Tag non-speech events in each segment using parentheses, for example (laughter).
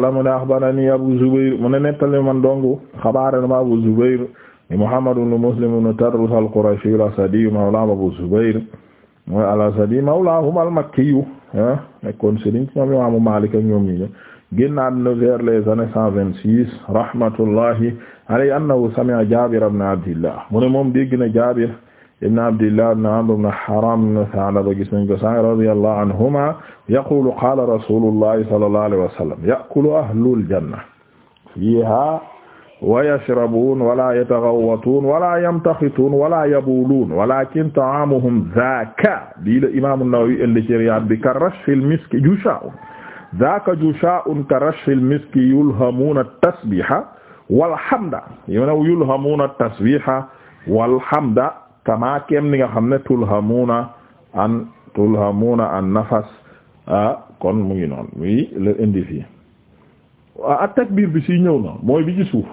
qaala mu ne axbarani Abu Zubayr mu ne nettali man dong xabaare ma Abu Zubayr Muhammad ibn Muslim ibn Tarrus al-Qurashi al-Asadi mawlaahum Abu Zubayr mooy al-Asadi mawlaahum al-Makki nekkoon sëriñ ñoom Imaamu Maalik ak ñoom ñi vingt six rahmatullahi alayhi annahu sami'a Jaabir ibn Abdillah ibn abdillah ibn amr ibn haram ibn sa'laba gis nañ ko sànq radiyallahu anhuma yaqulu qala rasulullahi sallallahu alayhi wa sallam ya'kulu ahlul janna fiha wa yashrabun wala yataghawwatun wala yamtakhitun wala yabulun walakin ta'amuhum zaka bi la imam an-nawawi indi ci riyad bi ka rashfil miski jusha'un zaka jusha'un ka rashfil miski yulhamuna at-tasbiha wal hamda yulhamuna at-tasbiha wal hamda kama kem ni nga xam ne tulhamuna an tulhamuna an nafas kon mu ngi noonu muy le indi fii ak takbir bi si ñëw na mooy bi ci suuf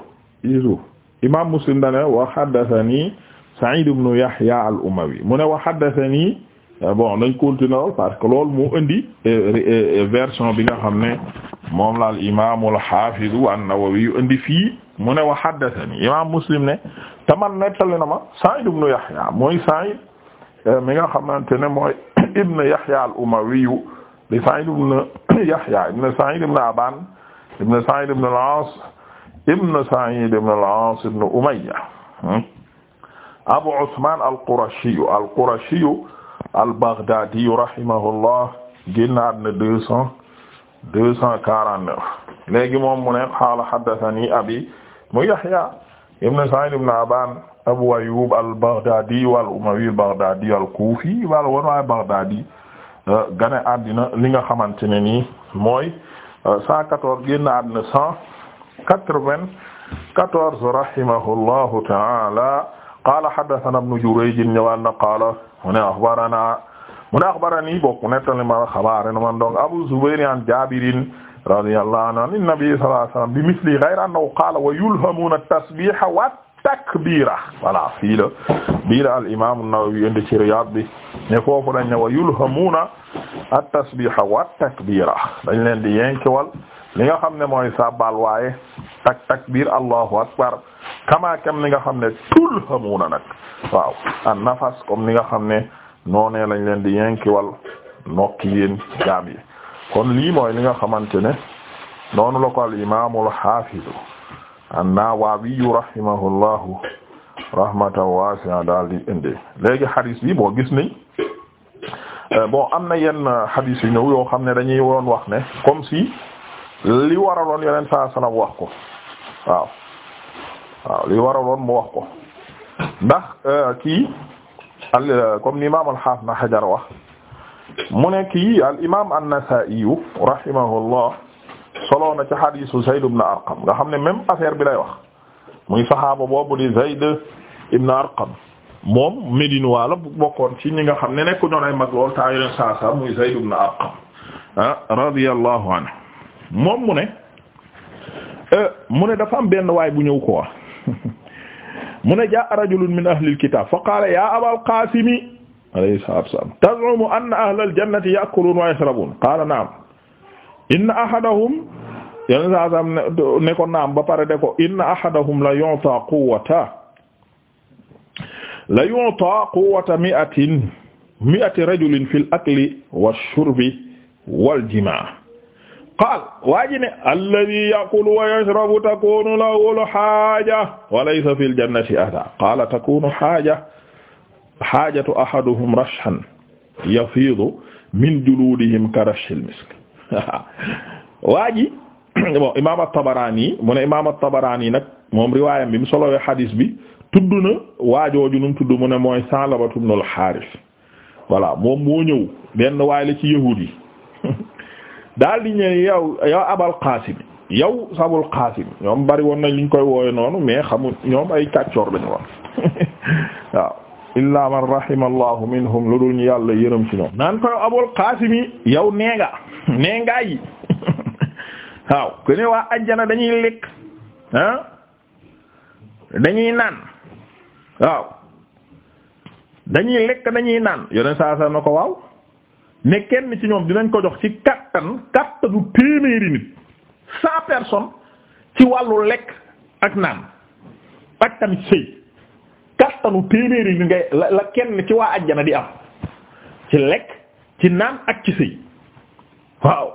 bi muslim dane wa haddathani Sa'id Yahya al-Umawi mu ne wa haddathani euh, bon nañ continuer lool parce que lool mu indi euh, euh, version bi nga xam ne moom la al imam al-Hafiz an-Nawawi indi fii mu ne wa haddathani imaam Muslim ne te man nettali na ma Sa'id ibn Yahya mooy Sa'id eh, mi nga xamante ne mooy (coughs) ibn Yahya al-Umawi di Sa'id ibn (coughs) Yahya ibn Sa'id ibn Aban ibn Sa'id ibn al-As ibn Sa'id ibn al-As ibn Umayya hmm? Abu Usman al-Qurashi al-Qurashi al-Baghdadi rahimahullah génnaat na deux cent deux cent quarante-neuf léegi moom mu ne qaala haddathani abi mu Yahya ibn Sa'id ibn Aban Abu Ayyub al-Baghdadi wal-Umawi al-Baghdadi al-Kufi wal wanwa Baghdadi euh, gane àddina li nga xamante ne nii mooy euh, cent quatorze génn àddina cent quatre-vingt-quatorze rahimahullahu ta'ala qaala haddathana ibn Jurayj ñëwaan na qaala mu ne akhbarana mu ne akhbarani bokk nettali ma xabaar na man donc Abu Zubayr an Jaabirin radiyallahu anhu an nabi sallallahu bi misli ghayra annahu qaala wa yulhamuna at-tasbiha wa takbira voilà fii la bii la al imam an-Nawawi indi ci Riyad bi ne foofu dañ ne wa yulhamuna at takbira dañ leen di yenkewal li nga xam ne mooy sabbal waaye tak takbir allahu akbar kama ni nga xam ne tulhamuna nag waaw nafas comme nga xam ne noonee lañ leen di yenkewal nokki yéen jaam kon lii mooy li nga xamante ne noonu la ko al imaamul xaafidu an-Nawawi rahimahullahu rahmatan wasi'a daal di indi léegi xadis bi boo gis ni euh, bon am na yenn xadis yu ñëw yoo xam ne dañuy woon wax ne comme si li waraloon yeneen saa sanam wax ko waaw waaw li waraloon mu wax ko ndax euh, kii al comme ni imaam al-Haafiz na Hajar wax mu nekk yi al imaam an-Nasaa'i rahimahullah soloo na ci hadiisu Zayd ibn Arqam nga xam ne même affaire bi lay wax muy saxaaba boobu di Zayd ibn Arqam moom Médine wala bu bokkoon ci ñi nga xam ne nekk noon ay mag lool ta yoleen saa muy Zayd ibn Arqam ah radiyallahu moom mu ne eh, mu ne dafa am benn waay bu ñëw ko (laughs) mu ne jaa rajulun min ahlil kitaab fa qaala yaa abal qaasimi alayhi salaatu wa salaam tazumu anna ahlal jannati ya'kuluuna wa yashrabuuna qaala na'am inna ahadahum yenn saa saam ne ko naam ba pare de ko inna ahadahum la yu'ta quwwata la yu'ta quwwata mi'atin mi'ati rajulin fil akli wash-shurbi wal-jimaa' qaal waa ji ne alladhi ya'kulu wa yashrabu takunu lahu al-haaja wa laysa fil jannati adaa qaala takunu haaja xaajatu ahaduhum rashan yafiidu min juluudihim karashil misk (laughs) waa ji (coughs) bon imaam at-Tabarani imaam at-Tabarani nag moom riwaayam bi mu solowee xadiis bi tudd na waajooju nu mu tudd mu ne mooy Sa'labatu ibnul Haaris voilà moom moo ñëw benn waay la ci (laughs) daal di ñëw yow yow Abal Qaasim yow Sabul Qaasim ñoom bari woon nañ liñ koy woowe noonu mais xamul ñoom ay kàccoor lañu woon (laughs) illaa man rahimallahu minhum lu dul ñu yàlla yërëm ci ñoom naan koy abul qaasim yi yow nee ngaa yi (laughs) waaw ku ne waa ajjana dañuy lekk ah, dañuy naan waaw dañuy lekk dañuy naan yoneen saa saa na ko waaw ne kenn ci ñoom dinañ ko jox ci kattan kattanu téeméeri nit ci wàllu lekk ak naan ak tamit sëy kattanu téeméeri bi ngay la kenn ci waa ajjana di am ci lekk ci naan ak ci sëy waaw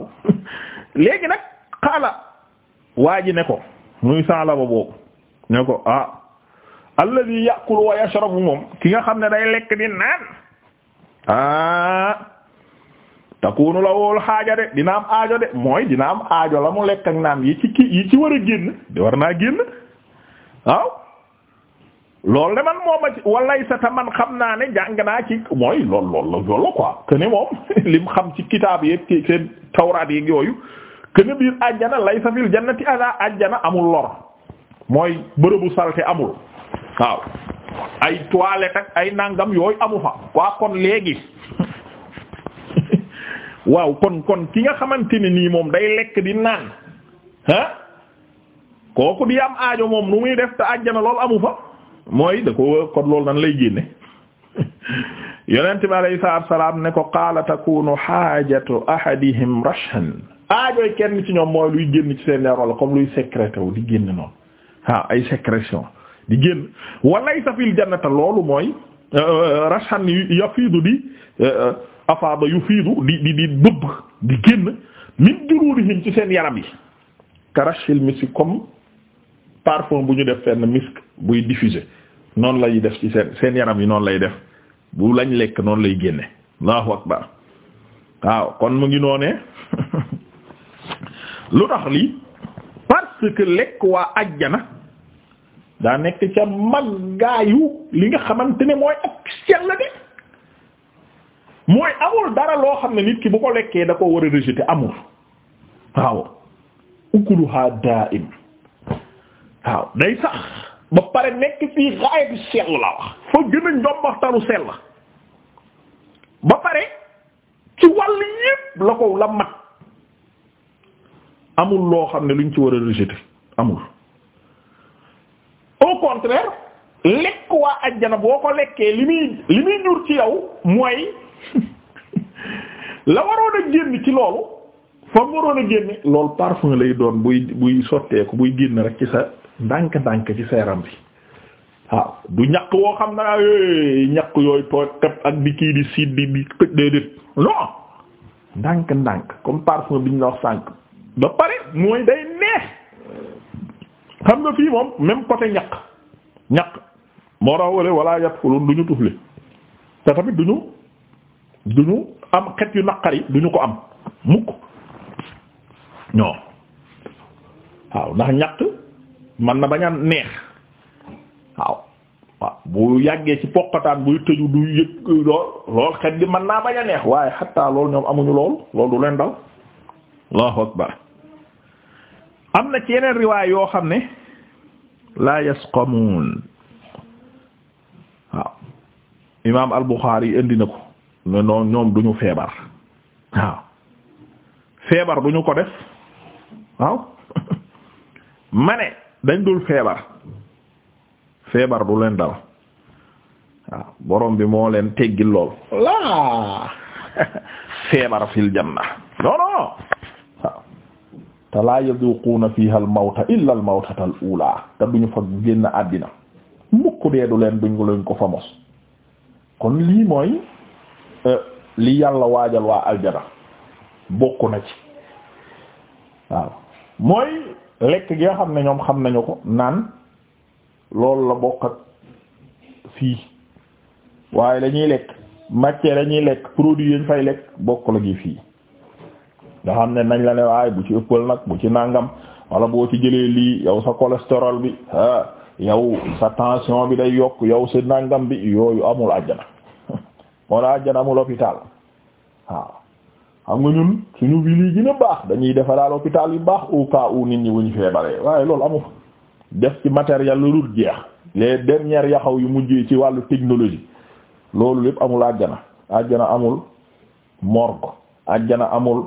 (laughs) léegi nag xaala waa ji ne ko muy saala ba boobu ne ko ah alladhi ya'kulu wa yashrabu moom ki nga xam ne day lekk di naan ah takunu la wool xaaja de dina am aajo de mooy dina am aajo la mu lekk ak yi ci ki yi ci war a génn di war naa génn waaw loolu de man moom a ci walay sa ta man xam naa ne jàng naa ci mooy lool lool lool la quoi que ne moom (laughs) lim xam ci kitaab yeeg ci seen tawraat yeeg yooyu que ne biir àjjana lay sa fil jannati ada àjjana amul lor mooy bërëbu salte amul waaw ay toilette ak ay nangam yooyu amu fa waa kon léegi (laughs) waaw kon kon ki nga xamante ne nii moom day lekk di naan ah kooku di am aajo moom nu muy def te àjjana lool amu fa mooy da ko kon loolu nan lay génne (laughs) yonent bi alayhi salaam ne ko qaala takunu xaajatu ahadihim rashan aajooy kenn ci ñoom mooy luy génn ci seen yaram la comme luy sécréter wu di génn noonu waaw ay sécrétion di génn walay sa fil loolu mooy euh, euh, rashan yafiidu di euh, afaada yufiidu di di di di génn min juruurihim ci seen yaram yi ka rashil misi comme parfum bu ñu def fenn misk buy diffuser noonu lay def ci seen seen yaram yi noonu lay def bu lañ lekk noonu lay génne allahu akbar waaw kon mu ngi noonee (laughs) lu tax lii parce que lekk waa ajjana daa nekk ca maggaayu li nga xamante ne mooy ak sell de mooy amul dara loo xam ne nit ki bu ko lekkee da ko war a rejeter amul waaw ukuluha daa'im waaw day sax ba pare nekk fii gaayatu sell la wax foo gën a njombaxtalu sell ba pare ci wàll yépp la ko la mat amul loo xam ne luñ ci war a rejeter amul au contraire lekk waa ajjana boo ko lekkee li muy li muy jur ci yow mooy (laughs) la waroon a génn ci loolu fa mu waroon a génne loolu parfum lay doon buy buy sotteeku buy génn rek ci sa ndànk-ndànk ci seeram bi waaw ah, du ñàkk woo xam na eh, ñàkk yooyu tooy teb ak di kii di siit di di tëj déedéet non ndànk-ndànk comme parfum bi ñu la wax sànk ba pare mooy day neex xam nga fii moom même côté ñaq ñàkk moo tax wala wala yàpp fuloon du ñu tufli te tamit duñu duñu am xet yu naqari duñu ko am mukk non waaw ndax ñàkk man na bañ a neex waaw waaw bu yàggee ci poqataan buy tëju du yëg lool lool xet man naa bañ a neex waaye xatta lool ñoom amuñu lool lool du leen dal allahu akbar am na ci yeneen riwaay yoo xam ne la yasqamuun waaw imaam al-Bukhari yi indi na ko ne noon ñoom duñu feebar waaw feebar duñu ko def waaw (laughs) ma dañ dul feebar feebar du leen dal waaw borom bi moo leen teggil lool laa (laughs) feebar fil janna non non waaw te laa yaduquuna fiha mawta illa al mawtata fa génn àddina mukk dee du leen duñ lañ fa mos kon lii mooy euh, li yàlla waajal wa aljana bokk na ci mooy lekk gi nga xam ne ñoom xam nañu ko naan loolu la bokk ak fii waaye dañuy lekk matière lañuy lekk produit yañ fay lekk bokk la gi fii nga xam ne nañ la ne waaye bu ci ëppal nag bu ci nàngam wala boo ci jëlee lii yow sa cholestérol bi ah yow sa tension bi day yokk yow sa nàngam bi yooyu amul àjjana (laughs) moo la àjjana amul hôpital waaw xam nga ñun suñu ville yi gën a baax dañuy defaraal hôpital yu baax au cas où nit ñi bu ñu feebaree waaye loolu amu def ci matériel lu dul jeex les dernières yaxaw yu mujj ci wàllu technologie loolu yëpp amul àjjana àjjana amul morgue àjjana amul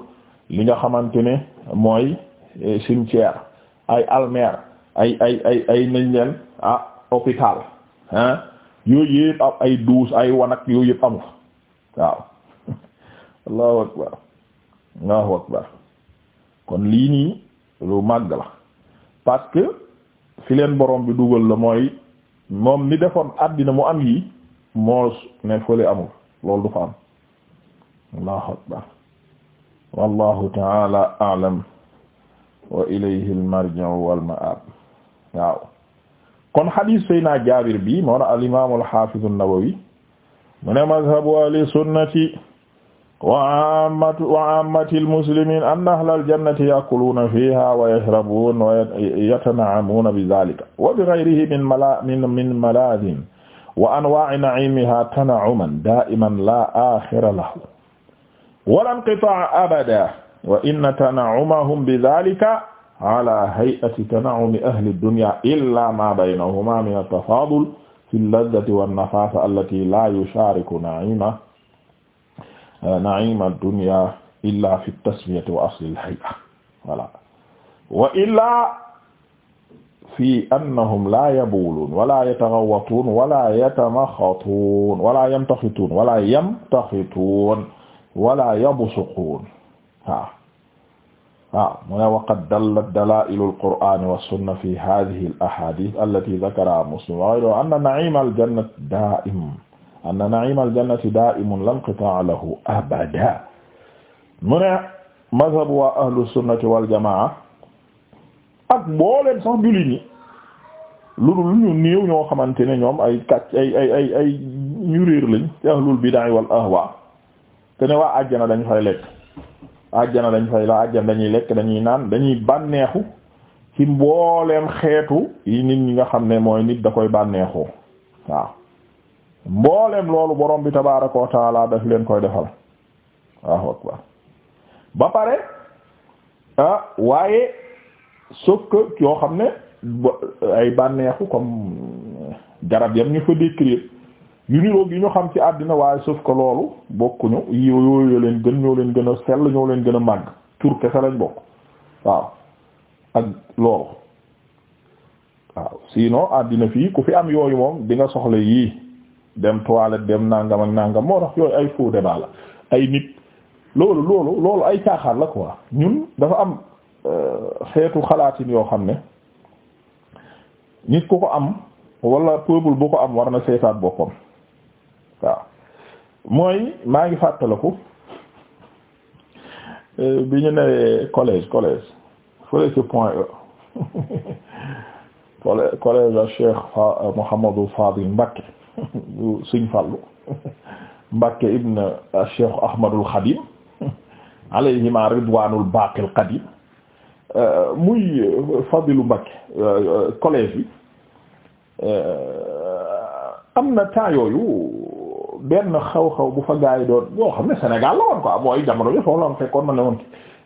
li nga xamante ne mooy eh, cimetière ay almere ay ay ay ay nañ leen ah hôpital ah yooyu yëpp ay douche ay wanak yooyu yëpp amul waaw (laughs) Allahu akbar kon lii nii lu màgg la parce borom bi dugal la mooy moom ni defoon àddina mu am yi moo ne fële amul loolu du fa am akbar wallahu ta'ala a'lam wa ilayhi al-marji'u wal ma'ab waaw kon hadith sayna Jaabir bi moo al-imam al-hafiz mu ne mazhabu ahli wa ammatu wa ammatil muslimin anna ahlal jannati ya'kuluna fiha wa yashrabuna wa yatana'amuna bi dhalika wa bi ghayrihi min mala min min malaadin wa anwaa'i na'imiha tana'uman daa'iman la aakhira lahu wa laa inqitaa'a abadan wa inna tana'umahum bi dhalika ala hay'ati tana'umi ahli dunya illa ma baynahuma min at-tafaadul fi al-ladhati wan-nafaasa allati la yushariku na'imaha na'im ad-dunya illa fi at-tasmiyati wa asli al-hay'a voilà wa illa fi annahum la yabulun wala yataghawwatun wala yatamakhatun wala yamtakhitun wala yamtakhitun wala yabsuqun waaw waaw mu ne waqad dallat dalailul qur'ani wassunna fi hadhihi al ahadith allati dhakaraha muslim wa ghayruha anna na'im al jannati da'im anna na'im al-jannati da'imun la inqita'a lahu abada mu ne mazhabu waa ahlu sunnati wal jamaa ak mbooleen sax jullit ñi lu dul ñu néew ñoo xamante ne ñoom ay kàcc ay ay ay ñu réer lañ ci ahlul bid'a wal ahwa te ne waa àjjana dañ fay lekk àjjana dañ fay la àjjana dañuy lekk dañuy naan dañuy bànneexu ci mbooleem xeetu yi nit ñi nga xam ne mooy nit da koy bànneexoo waaw mboolem loolu borom bi tabaaraka wa taala daf leen koy defal waaw ah, waaye sauf yoo xam ne ay bànneexu comme garab yam ñu ñu xam ci àddina waaye sauf que loolu bokkuñu yooyu leen gën leen gën a sell ñoo leen gën a màgg tur kese ak loolu waaw sinon àddina fii ku fi am yooyu moom di soxla yii dem toilette dem nangam ak nangam moo tax yooyu ay faux débat la ay nit loolu loolu loolu ay caaxaan la quoi ñun dafa am euh, xeetu xalaatin yoo xam ne nit ku ko am wala peuple bu ko am war na seetaat boppam waaw mooy maa ngi fàttaliku euh, bi ñu newee collège collège fële ci point E (laughs) collège collège Cheikh Mouhamadou Fadil Mbacké yu (laughs) Sëriñ Fallu (laughs) Mbacké ibn euh, Cheikh Ahmadul Khadim (laughs) alayhima ridwanul baqil qadim euh, muy euh, Fadilu Mbacké collège bi am na temps yooyu benn xaw-xaw bu fa gaa yi doon yoo xam ne Sénégal la woon quoi mooy jamono bi foofu la woon fekkoon ma ne woon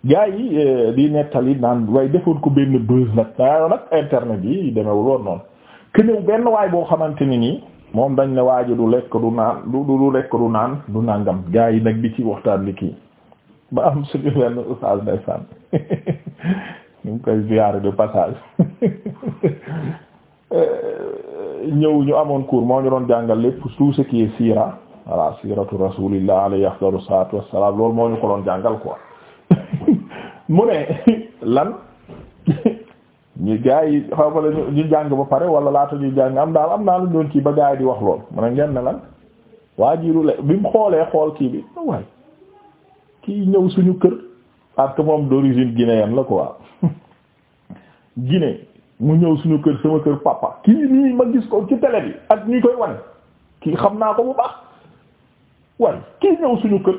gaa yi euh, di nettali naan waaye defoon ko benn buzz nag waaye nag internet yi demewul woon noonu kënew benn waay boo xamante ni nii moom dañ ne waaji du lekk du naan du du lekk du naan du nangam gaa yi nag di ci waxtaan li kii ba am suñu benn oustaz ndeysaan (laughs) ñu ngi koy ziyaare de passage (laughs) euh, ñëw ñu amoon cours moo ñu doon jàngal lépp tout ce qui est sira voilà siratu rasulillah alayhi afdalu loolu moo ñu ko doon jàngal ko mu ne (laughs) lan (laughs) ñu gaa yi xaw ma la ñu jàng ba pare wala laata ñu jàng am daal am naa lu doon kii ba gaa yi di wax lool mu ne ngeen ne lan waa jiiru la bi mu xoolee xool kii bi oh waaye kii ñëw suñu kër parce que moom d'origine guinéenne la quoi (laughs) Guinée mu ñëw suñu kër sama kër papa kii nii ma gis ko ci télé bi ak ñu koy wane kii xam naa ko bu baax waaye kii ñëw suñu kër.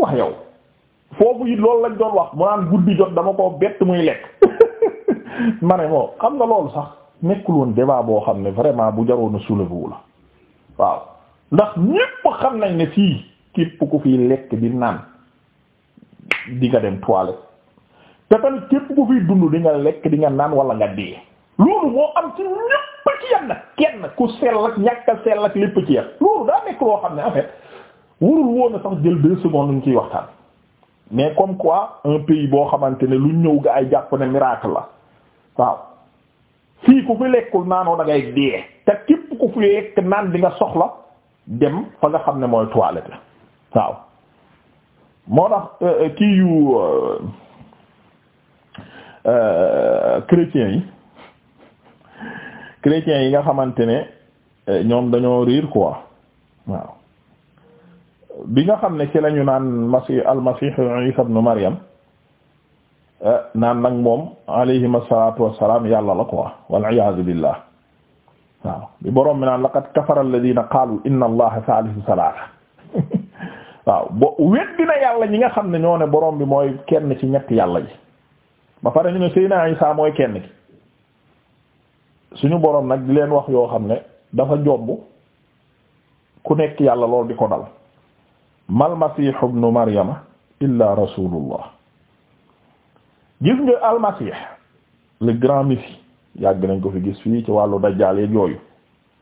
wax yow foofu it loolu lañ doon wax mu naan guddi jot dama koo bett muy lekk (laughs) ma ne moom xam nga loolu sax nekkul woon débat boo xam ne vraiment bu jaroon a soulever wu la waaw ndax ñépp xam nañ ne fii képp ku fiy lekk di naan di nga dem toilette te tamit képp ku fiy dund di lekk di nga naan wala nga dee loolu moo am ci ñépp ci yam nag kenn ku sell ak ñàkk a sell ak lépp ci yam loolu daa nekk loo xam ne en warul woon a sax jël deux secondes ñu ciy waxtaan mais comme quoi un pays boo xamante ne lu ñëw ga ay jàpp ne miracle la waaw fii ku fi lekkul naanoo da dee te képp ku fi lekk naan di nga soxla dem fa nga xam ne mooy toilette waaw moo tax euh, euh, kii yu euh, chrétiens yi chrétiens yi nga xamante ne ñoom dañoo riir quoi waaw bi nga xam ne ci lañu naan masih almasih isa ibn maryam eh, naan nag moom alayhim asalatu wassalam yàlla la quoi waliyasu billah waaw bi boroom mi naan laqad kafara alladina qaalu inna allaha salisu salata (laughs) waaw bo weddi na yàlla ñi nga xam ne ñoo ne boroom bi mooy kenn ci ñett yàlla ji ba pare ñu ne Seydina mooy kenn ki suñu boroom nag di leen wax yoo xam ne dafa jomb ku nekk yàlla loolu di ko dal mal masih ibnu maryama illa rasulullah gis nga almasih le grand messie yàgg nañ ko fi gis fii ci wàllu dajjaal yeeg yooyu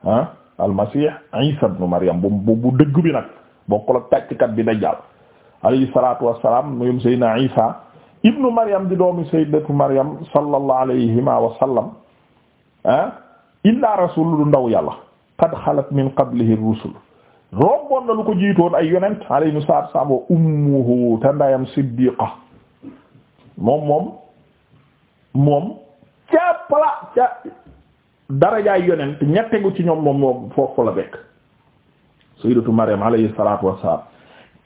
ah almasih isa ibnu maryam bu bu dëgg bi nag bokkul ak tàcckat bi dajjaal alayhi salatu wassalam muyum saydna isa ibnu maryam di doomi sayyidatu maryam sallallahu alayhima wa sallam ah illa rasul lu ndaw yàlla qad xalat min qablihi rusul romboon na lu ko jiitoon ay yonent alayhimu salaam wa ummuhu te ndayam moom moom moom ca pala ca darajaay yonent ñettegu ci ñoom moom moom foofu la bekk sayyidatu Maryam alayhi salaatu wa salaam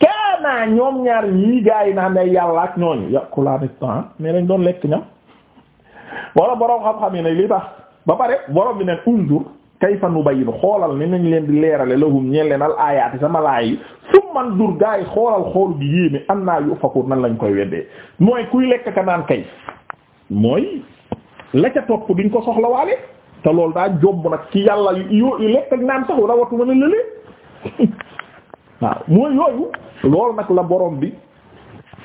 kaana ñoom ñaar ñii gaa yi naa ay yàlla ak ñooñu yakulaani temps mais dañ doon lekk ñam wala boroom xam-xam yi ne li tax ba pare boroom bi ne unzur kayfa nubayyin xoolal ni nañ leen di leerale lahum ñeen leen al aayaati sama laay yi summan dur gaa xoolal xool gi yéeme am naa yu fakur nan lañ koy weddee mooy kuy lekk ka naan kay mooy la ca topp duñ ko soxla waale te loolu daa jomb nag ci yàlla yu lekk ak naan sax rawatuma na lëlee (laughs) waaw mooy yooyu loolu nag la borom bi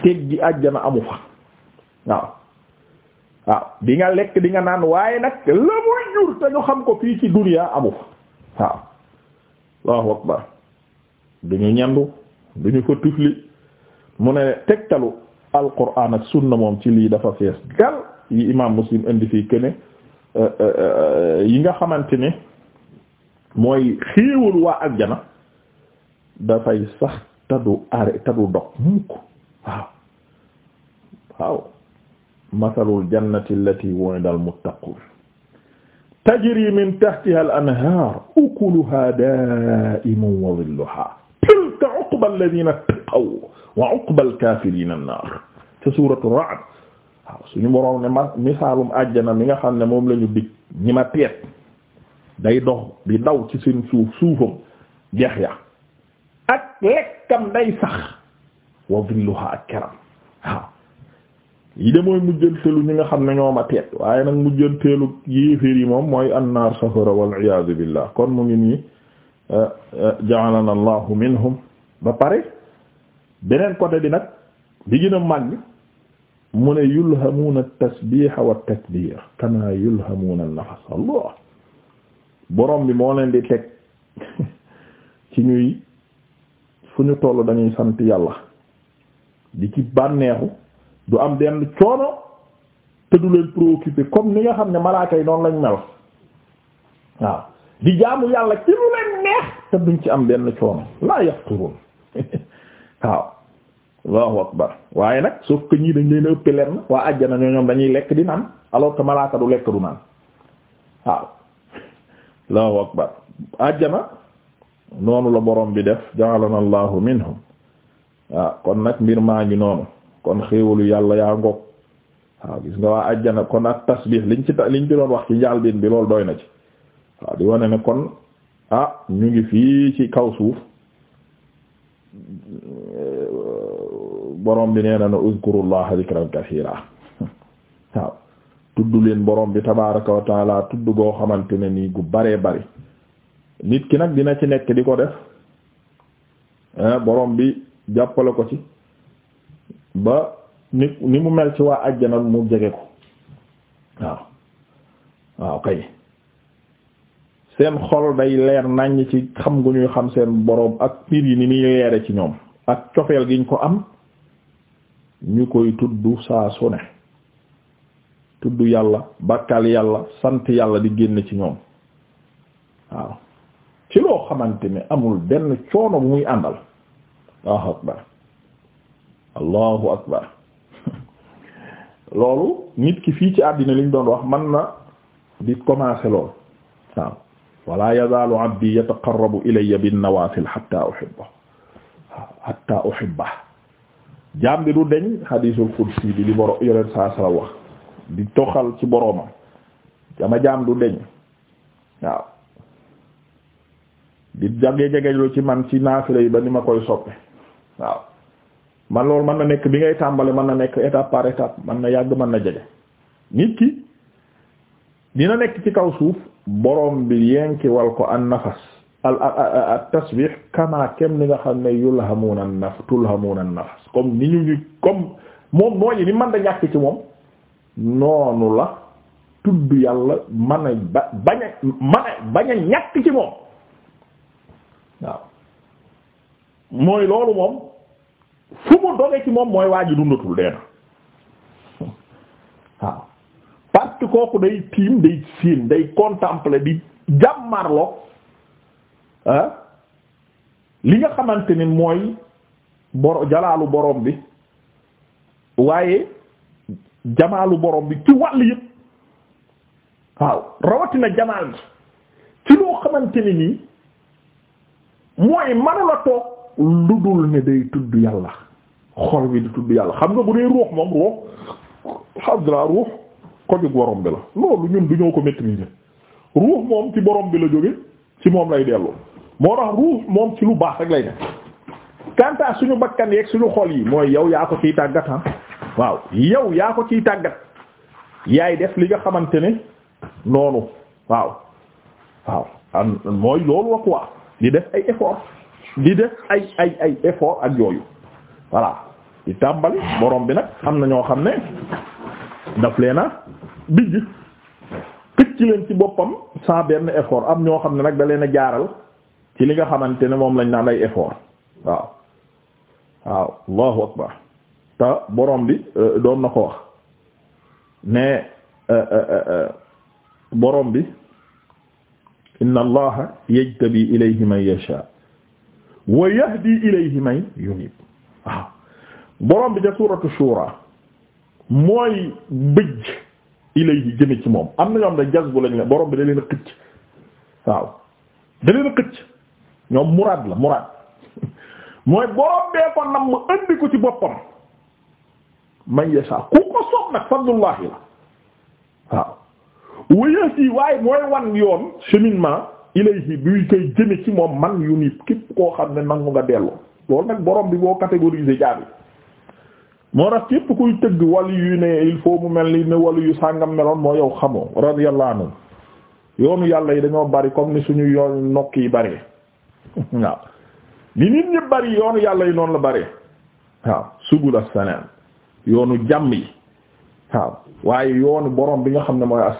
teg gi àjjana amu fa waaw waaw di nga lekk di nga naan waaye nag la muy jur te ñu xam ko fii ci duniyaa amu fa waaw allahu akbar du ñu ñandu du ñu fa tufli mu ne tegtalu al quraan ak sunna moom ci lii dafa fees gal yi imaam muslim indi fii këne euh, euh, euh, yi nga xamante ne mooy xéewal waa aljana dafay sax taddu are taddu dog mukk waaw waaw masalul jannati allati wu'ida al-muttaquun tajri min tahtiha al-anhaar ukuluhaa daa'imun wa dhilluhaa tilka uqba alladhiina ittaqaw wa uqba al-kaafiriina an-naar ca suuratu ra'd waaw suñu boroom ne ma misaalum àjjana mi nga xam ne moom la ñu dig ñi ma teet day dox di daw ci seen suuf suufam jeex ya ak lekkam day sax wa dhilluhaa ak keram waaw yi de mujjanteelu ñi nga xam ne ñoo ma teet waaye nag mujjanteelu yéeféer yi moom mooy annaar safara wal iyaadu billah kon mu ngi nii eh, eh, ja'alana allahu minhum ba pare beneen côté bi nag bi gën a màgg mu ne yulhamuuna tasbiha wa takbir kama yulhamuuna nafas allah borom bi moo leen di teg (laughs) ci ñuy fu ñu toll dañuy sant yàlla di ci bànneexu du am benn coono te du leen préoccupé comme ni nga xam ne malaaka yi noonu lañ mel waaw di jaamu yàlla ci lu leen neex te duñ ci am benn coono laa yafturun (laughs) waaw allahu akbar waaye nag sauf que ñii dañ leen a ëppee leen waa ñoom dañuy lekk di naan alors malaaka du lekk du naan waaw (laughs) àjjana noonu la borom bi def ja'alana allahu minhum waaw kon nag mbir maa ngi noonu kon xéewalu yàlla yaa ngoog waaw gis nga waa ajjana kon ak tasbih liñ ci liñ ci doon wax ci njaalbin bi loolu doy na ci waaw di wane ne kon ah ñu ngi fii ci kaw suuf borom bi nee na na uzkurullaha zikran kaseera (laughs) waaw tudd leen borom bi tabaaraka wa tudd goo xamante ne nii gu baree bari nit ki nag dina ci nekk di ko def borom bi jàppale ko ci ba ni ni mu mel ci waa ajjana mu jege ko waaw waaw kay seen xol day leer nàññ ci xam nga ñuy xam seen boroom ak mbir yi ni muy leere ci ñoom ak cofeel giñ ko am ñu koy tudd saa su tudd yàlla bàkkal yàlla sant yàlla di génn ci ñoom waaw ci loo xamante ne amul benn coono bu muy àndal allahu akbar loolu nit ki fii ci àddina liñ doon wax man na di commencer lool waaw wala yazaalu abdi yataqarrabu ilayya bin nawafil hatta uhibba hatta uhibba jaam bi du deñ hadiisul qudsi bi li boro yoleen saa sala wax di toxal ci boroomam dama jaam du deñ waaw di jage jagelu ci man ci naafila yi ba ni ma koy soppe waaw man loolu mën na nekk bi ngay tàmbali mën na nekk étape par étape na yàgg mën na jege nit ki dina nekk ci kaw suuf borom bi yenkiwal ko an nafas al al tasbih kama kem li nga xam ne yulhamuna naf tulhamuna nafas comme ni ñu ngi comme moom nooyi ni mën da ñàkk ci moom noonu la tudd yàlla mën a ba bañ a ñàkk ci moom waaw mooy loolu moom fu mu ki moom mooy waa ji dundatul dee na (laughs) waaw kooku day tiim day siin day contempler di jàmmarloo ah li nga xamante ni mooy boro jalaalu borom bi waaye jamalu borom bi ci wàll yëpp waaw rawatina jamaal bi ci loo xamante ni nii mooy manula toog lu dul ne day tudd yàlla xol bi di tudd yàlla xam nga bu dee ruux moom ruux alhamdulilah ruux ko jóg borom bi la loolu ñun du ñoo ko maîtriser ruux moom ci borom bi la jóge ci moom lay dellu moo tax ruux moom ci lu baax rek lay def kantaa suñu bakkan yeeg suñu xol yi mooy yow yaa ko ciy tàggat ah waaw yow yaa ko ciy tàggat yaay def li nga xamante ne noonu waaw waaw mooy loolu wa quoi di def ay effort di de ay ay ay effort ak yooyu voilà di tàmbali borom bi nag am na ñoo xam ne daf leena bijj xëcc leen ci boppam sans benn effort am ñoo xam ne nag da leen a jaaral ci li nga xamante ne moom lañ naan ay effort waaw waaw allahu akbar te borom bi euh, doon na ko wax mais euh, euh, boroom bi inna allaha yajtabi ilayhi man yasha wa yahdi ilayhi may yunib waaw borom bi ca suuratu shura mooy bëj ilayhi jëme ci moom am na ñoom da jazbu lañ la borom bi da leen a xëcc waaw da leen a xëcc ñoom muraad la muraad (laughs) mooy borom bee ko nam ma andi ko ci boppam man yasha ku ko soob nag fadlullahi la waaw wa yahdi waaye mooy wan yoon cheminement ilayhi buy koy jëme ci moom man yu nit képp koo xam ne nangu nga dellu loolu nag borom bi boo catégoriser jaabi moo tax képp kuy tëgg wàllu yu ne il faut mu mel ni ne wàllu yu sàngam meloon moo yow xamoo radiyallahu anhu yoonu yàlla yi dañoo bari comme ni suñu yoon nokk yi bari (laughs) waaw li nit ñi bari yoonu yàlla yi noonu la bari waaw subul as yoonu jàmm yi waaw waaye yoonu borom bi nga xam ne mooy as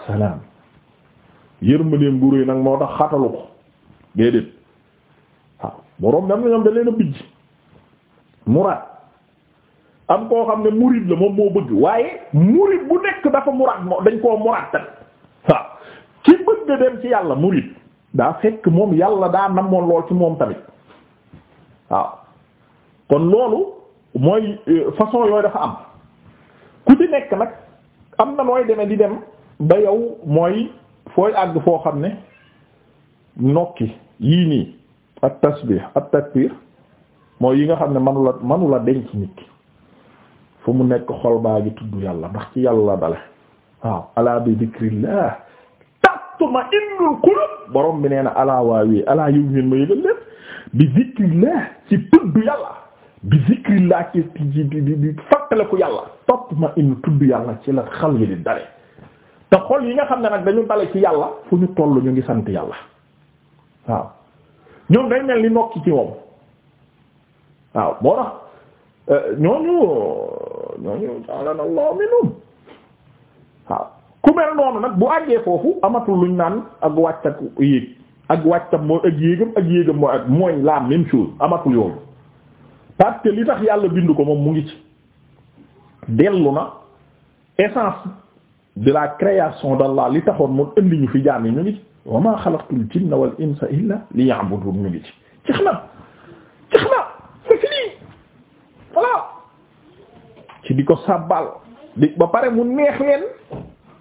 yërmandeem gu yi nag moo tax xatalu ko déedéet waaw boroom dem na da leen a bijj muraad am koo xam ne murid la moom moo bëgg waaye murid bu nekk dafa muraad moom dañ koo muraad tamit waaw yàlla murid daa fekk moom daa namoon kon loolu mooy e, façon yooyu dafa am ku ci nekk nag am na nooy deme di dem ba yow mooy fooy àgg foo xam ne nokki yii nii ak tasbih ak takbir mooy yi nga xam ne manula manula denc nit ki fu mu nekk xol baa gi tudd yàlla ndax ci yàlla dale waaw alaa bi dikrillah tatma innul qulub borom bi nee na alaa waawi alaa yiw ngeen ma yëgal lépp bi dikrillah ci tudd yàlla bi dikrillah ci ci ci fàttaliku yàlla tatma inn tudd yàlla ci la xal bi di dale te xol yi nga xam ne nag dañu dale ci yàlla fu ñu toll ñu ngi sant yàlla waaw ñoom day mel ni nokki ci moom waaw moo tax euh, ñooñu ñooñu Allah minhum waaw noonu nag bu àggee foofu amatul luñ naan ak wàcc ak yéeg ak wàccam ak yéegam ak yéegam ak mooy la même chose amatul yooyu parce li tax yàlla bind ko moom mu ngi ci dellu na essence de la création d'Allah li taxoon mu indi ñu fi jaam yi ñu ngi ci wa ma xalaqtul jinna wal insa illa liya'budun ñu ngi ci jeex na jeex ci di ko sàbbal di ba pare mu neex leen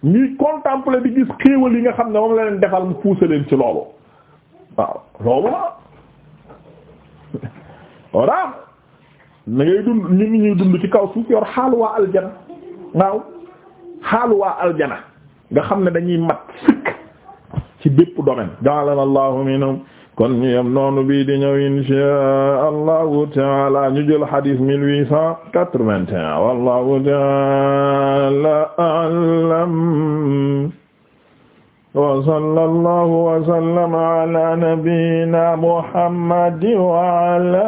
ñuy contempler di gis xéewal yi nga xam ne moom la leen defal mu pousser ci loolu waaw loolu la walla na ngay dund ñuy dund ci kaw suuf yor xaaluwaa aljanna waaw xaalu waa aljana nga xam ne dañuy mat sikk ci bépp domaine ja'alana allahu minhum kon ñu yem noonu bii di ñëw inshaa allahu taala ñu jël hadith mille huit cent quatre-vingt-un wallahu taala a'lam wa sallallahu wa sallama ala nabiyyina muhammadin wa ala